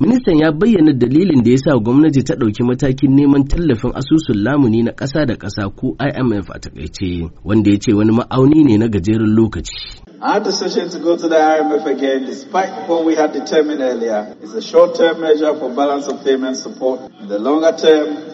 Ministan ya bayyana dalilin da ya sa gwamnati ta ɗauki matakin neman tallafin asusun lamuni na ƙasa da ƙasa ko IMF a takaice, wanda ya ce wani ma'auni ne na gajeren lokaci. Our decision to go to the IMF again, despite what we had determined earlier, is a short-term measure for balance of payment support. In the longer term,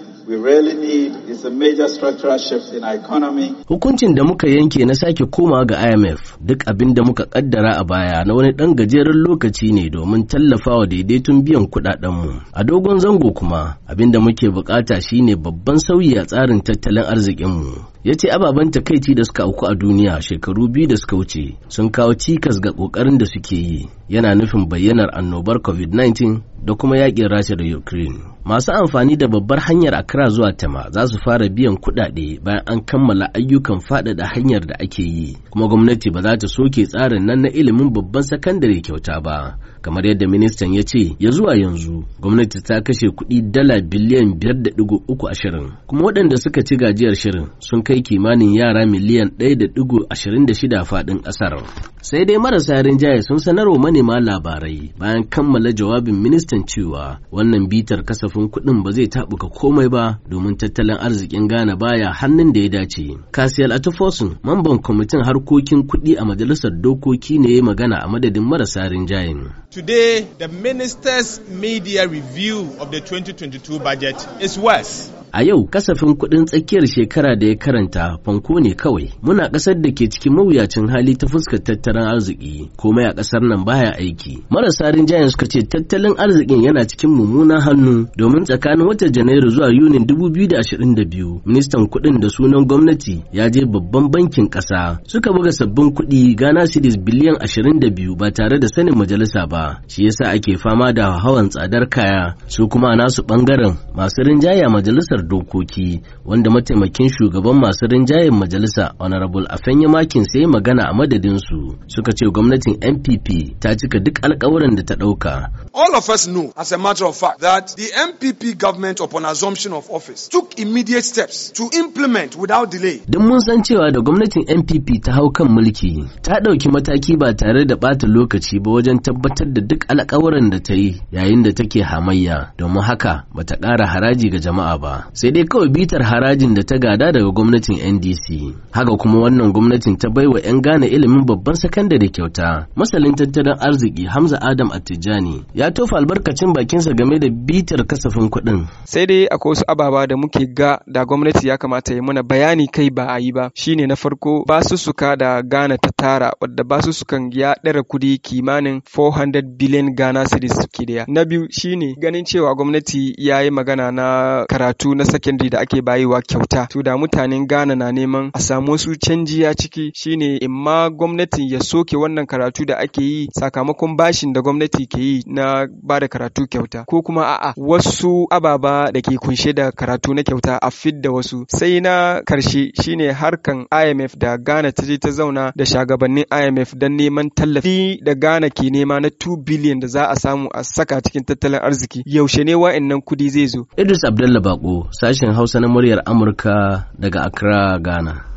Hukuncin da muka yanke na sake koma ga IMF duk abin da muka kaddara a baya na wani ɗan gajeren lokaci ne domin tallafawa daidaitun biyan mu A dogon zango kuma abin da muke bukata shine babban sauyi a tsarin tattalin arzikinmu. ya ce ababen takaici da suka auku a duniya shekaru biyu da suka wuce sun kawo cikas ga ƙoƙarin da suke yi yana nufin bayyanar annobar covid-19 da kuma yakin rasha da ukraine masu amfani da babbar hanyar accra zuwa Tama za su fara biyan kuɗaɗe bayan an kammala ayyukan faɗaɗa hanyar da ake yi kuma gwamnati ba za ta soke tsarin nan na ilimin babban sakandare kyauta ba kamar yadda ministan ya ce ya zuwa yanzu gwamnati ta kashe kuɗi dala biliyan biyar da uku ashirin kuma waɗanda suka ci gajiyar shirin sun kai kai kimanin yara miliyan 1.26 faɗin ƙasar. Sai dai marasa rinjaye sun sanarwa manema labarai bayan kammala jawabin ministan cewa wannan bitar kasafin kuɗin ba zai taɓuka komai ba domin tattalin arzikin Ghana baya hannun da ya dace. Kasiyal Atufosun, mamban kwamitin harkokin kuɗi a majalisar dokoki ne ya yi magana a madadin marasa rinjayen. Today, the minister's media review of the 2022 budget is worse. A yau kasafin kuɗin tsakiyar shekara da ya karanta fanko ne kawai. Muna ƙasar da ke cikin mawuyacin hali ta fuskar tattalin arziki, komai a ƙasar nan baya aiki. Marasa rinjayen suka ce tattalin arzikin yana cikin mummunan hannu domin tsakanin watan Janairu zuwa Yunin 2022, ministan kuɗin da sunan gwamnati ya je babban bankin ƙasa. Suka buga sabbin kuɗi Gana Cedis biliyan 22 ba tare da sanin majalisa ba. Shi yasa ake fama da hawan tsadar kaya, su kuma nasu bangaren masu rinjaya majalisar majalisar dokoki wanda mataimakin shugaban masu rinjayen majalisa honorable afenye makin sai magana a madadin su suka ce gwamnatin npp ta cika duk alkawarin da ta dauka all of us know as a matter of fact that the npp government upon assumption of office took immediate steps to implement without delay duk mun san cewa da gwamnatin npp ta hau kan mulki ta dauki mataki ba tare da bata lokaci ba wajen tabbatar da duk alkawarin da ta yi yayin da take hamayya domin haka bata ƙara haraji ga jama'a ba sai dai kawai bitar harajin da ta gada daga gwamnatin NDC. Haka kuma wannan gwamnatin ta baiwa 'yan gane ilimin babban sakandare kyauta. Masalin tattalin arziki Hamza Adam Attijani ya tofa albarkacin bakinsa game da bitar kasafin kuɗin. Sai dai akwai wasu ababa da muke ga da gwamnati ya kamata ya mana bayani kai ba a yi ba. Shine na farko basussuka da Ghana ta tara wadda basussukan ya ɗara kuɗi kimanin 400 billion Ghana cedis suke da. Na biyu shine ganin cewa gwamnati ya yi magana na karatu na na secondary da ake bayiwa kyauta to da mutanen Ghana na neman a samu wasu canji ya ciki shine imma gwamnatin ya soke wannan karatu da ake yi sakamakon bashin da gwamnati ke yi na ba da karatu kyauta ko kuma a'a wasu ababa da ke kunshe da karatu na kyauta a fidda wasu sai na karshe shine harkan IMF da Ghana ta je ta zauna da shagabannin IMF don neman tallafi da Ghana ke nema na 2 billion da za a samu a saka cikin tattalin arziki yaushe ne wa'annan kudi zai zo Idris Abdullahi Bako sashen Hausa na muryar Amurka daga Accra, Ghana.